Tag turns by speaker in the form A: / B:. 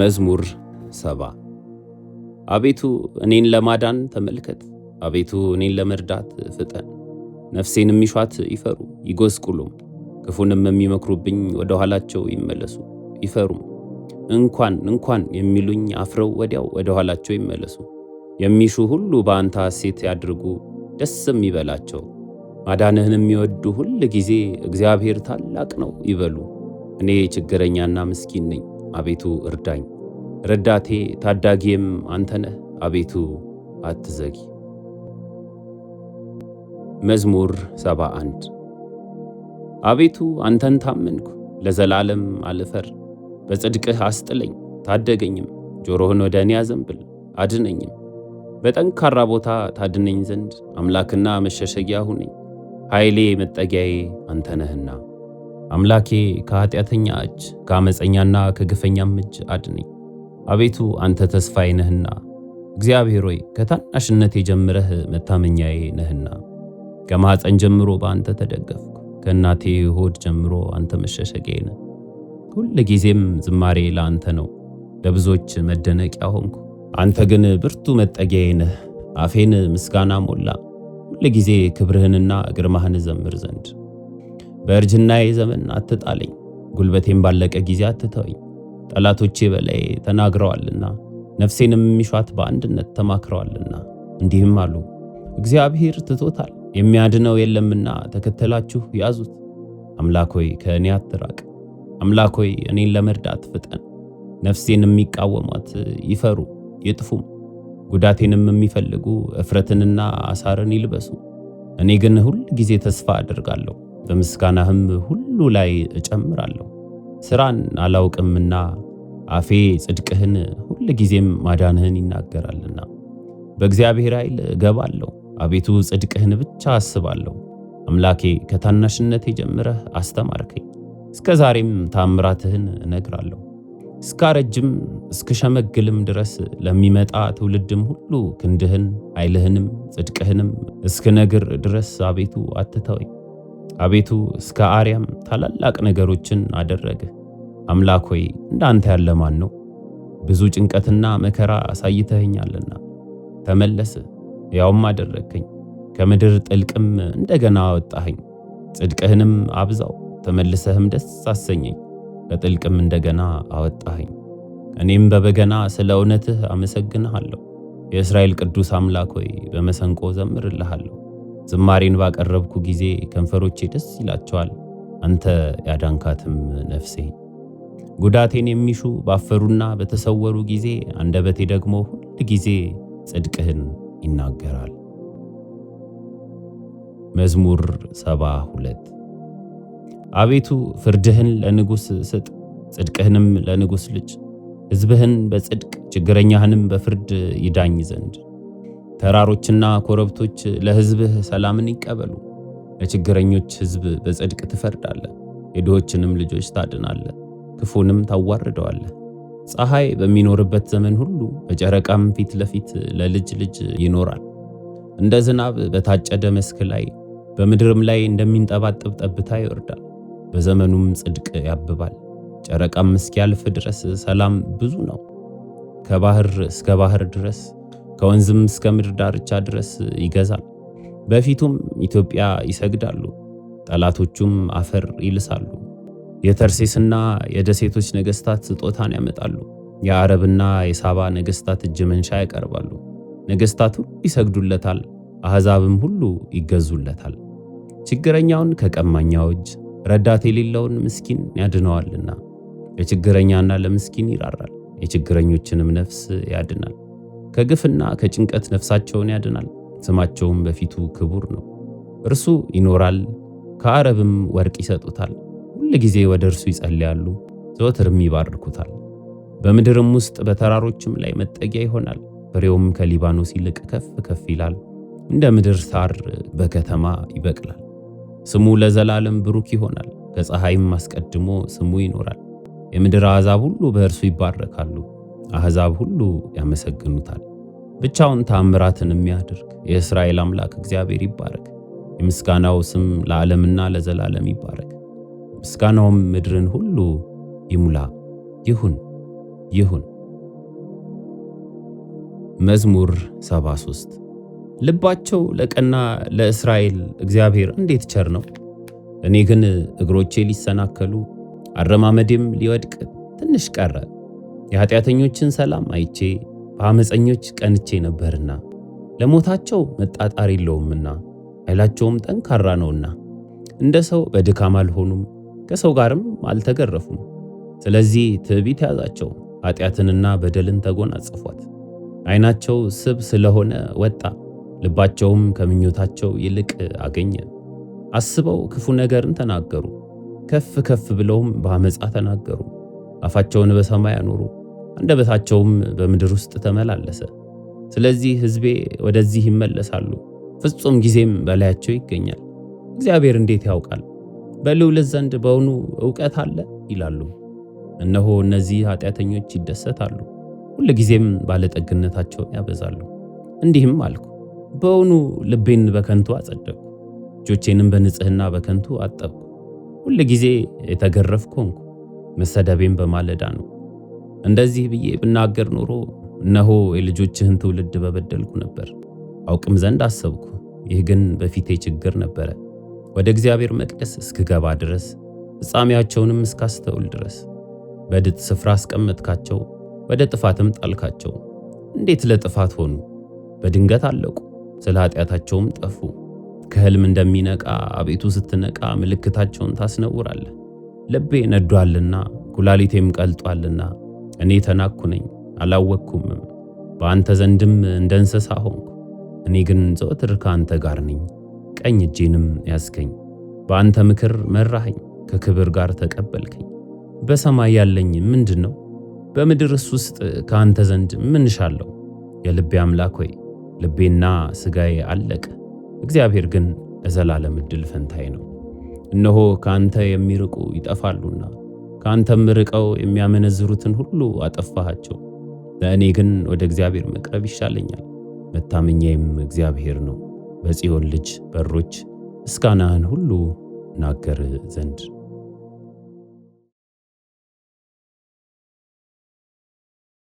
A: መዝሙር ሰባ አቤቱ እኔን ለማዳን ተመልከት፣ አቤቱ እኔን ለመርዳት ፍጠን። ነፍሴን የሚሿት ይፈሩ ይጎስቁሉም፣ ክፉንም የሚመክሩብኝ ወደ ኋላቸው ይመለሱ ይፈሩም። እንኳን እንኳን የሚሉኝ አፍረው ወዲያው ወደ ኋላቸው ይመለሱ። የሚሹ ሁሉ በአንተ ሐሴት ያድርጉ፣ ደስም ይበላቸው። ማዳንህን የሚወዱ ሁል ጊዜ እግዚአብሔር ታላቅ ነው ይበሉ። እኔ ችግረኛና ምስኪን ነኝ፣ አቤቱ እርዳኝ። ረዳቴ ታዳጊም አንተነህ አቤቱ አትዘጊ። መዝሙር 71 አቤቱ አንተን ታመንኩ፣ ለዘላለም አልፈር። በጽድቅህ አስጥለኝ ታደገኝም። ጆሮህን ወደ እኔ አዘንብል አድነኝም። በጠንካራ ቦታ ታድነኝ ዘንድ አምላክና መሸሸጊያ ሁነኝ። ኃይሌ መጠጊያዬ አንተ ነህና አምላኬ ከኃጢአተኛ እጅ ከአመፀኛና ከግፈኛም እጅ አድነኝ። አቤቱ አንተ ተስፋዬ ነህና፣ እግዚአብሔር ሆይ ከታናሽነት የጀምረህ መታመኛዬ ነህና። ከማኅፀን ጀምሮ በአንተ ተደገፍኩ፣ ከእናቴ ሆድ ጀምሮ አንተ መሸሸጊያዬ ነህ። ሁል ጊዜም ዝማሬ ለአንተ ነው፣ ለብዙዎች መደነቂያ ሆንኩ። አንተ ግን ብርቱ መጠጊያዬ ነህ፣ አፌን ምስጋና ሞላ። ሁል ጊዜ ክብርህንና ግርማህን ዘምር ዘንድ በእርጅናዬ ዘመን አትጣለኝ፣ ጉልበቴም ባለቀ ጊዜ አትተወኝ። ጠላቶቼ በላይ ተናግረዋልና ነፍሴንም የሚሿት በአንድነት ተማክረዋልና እንዲህም አሉ፣ እግዚአብሔር ትቶታል የሚያድነው የለምና ተከተላችሁ ያዙት። አምላክ ሆይ ከእኔ አትራቅ፣ አምላክ ሆይ እኔን ለመርዳት ፍጠን። ነፍሴን የሚቃወሟት ይፈሩ ይጥፉም፣ ጉዳቴንም የሚፈልጉ እፍረትንና አሳርን ይልበሱ። እኔ ግን ሁል ጊዜ ተስፋ አደርጋለሁ። በምስጋናህም ሁሉ ላይ እጨምራለሁ። ሥራን አላውቅምና አፌ ጽድቅህን ሁል ጊዜም ማዳንህን ይናገራልና። በእግዚአብሔር ኃይል እገባለሁ፣ አቤቱ ጽድቅህን ብቻ አስባለሁ። አምላኬ ከታናሽነቴ ጀምረህ አስተማርከኝ፣ እስከ ዛሬም ታምራትህን እነግራለሁ። እስካረጅም እስክሸመግልም ድረስ ለሚመጣ ትውልድም ሁሉ ክንድህን ኃይልህንም ጽድቅህንም እስክነግር ድረስ አቤቱ አትተወኝ። አቤቱ እስከ አርያም ታላላቅ ነገሮችን አደረግህ። አምላክ ሆይ እንዳንተ ያለ ማን ነው? ብዙ ጭንቀትና መከራ አሳይተኸኛልና ተመለስ፣ ያውም አደረግከኝ። ከምድር ጥልቅም እንደገና አወጣኸኝ። ጽድቅህንም አብዛው፣ ተመልሰህም ደስ አሰኘኝ። ከጥልቅም እንደገና አወጣኸኝ። እኔም በበገና ስለ እውነትህ አመሰግንሃለሁ። የእስራኤል ቅዱስ አምላክ ሆይ በመሰንቆ ዘምርልሃለሁ። ዝማሬን ባቀረብኩ ጊዜ ከንፈሮቼ ደስ ይላቸዋል። አንተ ያዳንካትም ነፍሴ ጉዳቴን የሚሹ ባፈሩና በተሰወሩ ጊዜ አንደበቴ ደግሞ ሁል ጊዜ ጽድቅህን ይናገራል። መዝሙር 72 አቤቱ ፍርድህን ለንጉሥ ስጥ፣ ጽድቅህንም ለንጉሥ ልጅ ሕዝብህን በጽድቅ ችግረኛህንም በፍርድ ይዳኝ ዘንድ ተራሮችና ኮረብቶች ለሕዝብህ ሰላምን ይቀበሉ። ለችግረኞች ሕዝብ በጽድቅ ትፈርዳለህ፣ የድሆችንም ልጆች ታድናለህ፣ ክፉንም ታዋርደዋለህ። ፀሐይ በሚኖርበት ዘመን ሁሉ በጨረቃም ፊት ለፊት ለልጅ ልጅ ይኖራል። እንደ ዝናብ በታጨደ መስክ ላይ በምድርም ላይ እንደሚንጠባጠብ ጠብታ ይወርዳል። በዘመኑም ጽድቅ ያብባል፣ ጨረቃም እስኪያልፍ ድረስ ሰላም ብዙ ነው፣ ከባህር እስከ ባህር ድረስ ከወንዝም እስከ ምድር ዳርቻ ድረስ ይገዛል። በፊቱም ኢትዮጵያ ይሰግዳሉ፣ ጠላቶቹም አፈር ይልሳሉ። የተርሴስና የደሴቶች ነገስታት ስጦታን ያመጣሉ፣ የአረብና የሳባ ነገስታት እጅ መንሻ ያቀርባሉ። ነገስታት ሁሉ ይሰግዱለታል፣ አሕዛብም ሁሉ ይገዙለታል። ችግረኛውን ከቀማኛው እጅ ረዳት የሌለውን ምስኪን ያድነዋልና፣ ለችግረኛና ለምስኪን ይራራል፣ የችግረኞችንም ነፍስ ያድናል። ከግፍና ከጭንቀት ነፍሳቸውን ያድናል። ስማቸውም በፊቱ ክቡር ነው። እርሱ ይኖራል፣ ከአረብም ወርቅ ይሰጡታል። ሁል ጊዜ ወደ እርሱ ይጸልያሉ፣ ዘወትርም ይባርኩታል። በምድርም ውስጥ በተራሮችም ላይ መጠጊያ ይሆናል። ፍሬውም ከሊባኖስ ይልቅ ከፍ ከፍ ይላል፣ እንደ ምድር ሳር በከተማ ይበቅላል። ስሙ ለዘላለም ብሩክ ይሆናል፣ ከፀሐይም አስቀድሞ ስሙ ይኖራል። የምድር አሕዛብ ሁሉ በእርሱ ይባረካሉ። አሕዛብ ሁሉ ያመሰግኑታል። ብቻውን ታምራትን የሚያደርግ የእስራኤል አምላክ እግዚአብሔር ይባረክ። የምስጋናው ስም ለዓለምና ለዘላለም ይባረክ። ምስጋናውም ምድርን ሁሉ ይሙላ። ይሁን ይሁን። መዝሙር 73 ልባቸው ለቀና ለእስራኤል እግዚአብሔር እንዴት ቸር ነው። እኔ ግን እግሮቼ ሊሰናከሉ አረማመዴም ሊወድቅ ትንሽ ቀረ። የኃጢአተኞችን ሰላም አይቼ በአመፀኞች ቀንቼ ነበርና፣ ለሞታቸው መጣጣር የለውምና ኃይላቸውም ጠንካራ ነውና፣ እንደ ሰው በድካም አልሆኑም፣ ከሰው ጋርም አልተገረፉም። ስለዚህ ትዕቢት ያዛቸው፣ ኃጢአትንና በደልን ተጎናጽፏት። ዓይናቸው ስብ ስለሆነ ወጣ፣ ልባቸውም ከምኞታቸው ይልቅ አገኘ። አስበው ክፉ ነገርን ተናገሩ፣ ከፍ ከፍ ብለውም በአመፃ ተናገሩ፣ አፋቸውን በሰማይ አኖሩ። አንደበታቸውም በምድር ውስጥ ተመላለሰ። ስለዚህ ሕዝቤ ወደዚህ ይመለሳሉ፣ ፍጹም ጊዜም በላያቸው ይገኛል። እግዚአብሔር እንዴት ያውቃል? በልዑል ዘንድ በውኑ እውቀት አለ ይላሉ። እነሆ እነዚህ ኃጢአተኞች ይደሰታሉ፣ ሁልጊዜም ባለጠግነታቸው ያበዛሉ። እንዲህም አልኩ፣ በውኑ ልቤን በከንቱ አጸደቅኩ፣ እጆቼንም በንጽህና በከንቱ አጠብኩ። ሁልጊዜ የተገረፍኩ ሆንኩ፣ መሰደቤም በማለዳ ነው። እንደዚህ ብዬ ብናገር ኖሮ እነሆ የልጆችህን ትውልድ በበደልኩ ነበር፣ አውቅም ዘንድ አሰብኩ። ይህ ግን በፊቴ ችግር ነበረ፣ ወደ እግዚአብሔር መቅደስ እስክገባ ድረስ ፍጻሜያቸውንም እስካስተውል ድረስ። በድጥ ስፍራ አስቀመጥካቸው፣ ወደ ጥፋትም ጣልካቸው። እንዴት ለጥፋት ሆኑ! በድንገት አለቁ፣ ስለ ኃጢአታቸውም ጠፉ። ከህልም እንደሚነቃ አቤቱ ስትነቃ ምልክታቸውን ታስነውራለህ። ልቤ ነዷልና ኩላሊቴም ቀልጧልና እኔ ተናኩ ነኝ አላወቅኩምም፣ በአንተ ዘንድም እንደ እንስሳ ሆንኩ። እኔ ግን ዘወትር ከአንተ ጋር ነኝ፣ ቀኝ እጄንም ያስገኝ በአንተ ምክር መራኸኝ፣ ከክብር ጋር ተቀበልከኝ። በሰማይ ያለኝ ምንድን ነው? በምድርስ ውስጥ ከአንተ ዘንድ ምን እሻለሁ? የልቤ አምላክ ሆይ ልቤና ስጋዬ አለቀ። እግዚአብሔር ግን እዘላለም እድል ፈንታዬ ነው። እነሆ ከአንተ የሚርቁ ይጠፋሉና ከአንተም ርቀው የሚያመነዝሩትን ሁሉ አጠፋሃቸው። ለእኔ ግን ወደ እግዚአብሔር መቅረብ ይሻለኛል፣ መታመኛዬም እግዚአብሔር ነው። በጽዮን ልጅ በሮች ምስጋናህን ሁሉ ናገር ዘንድ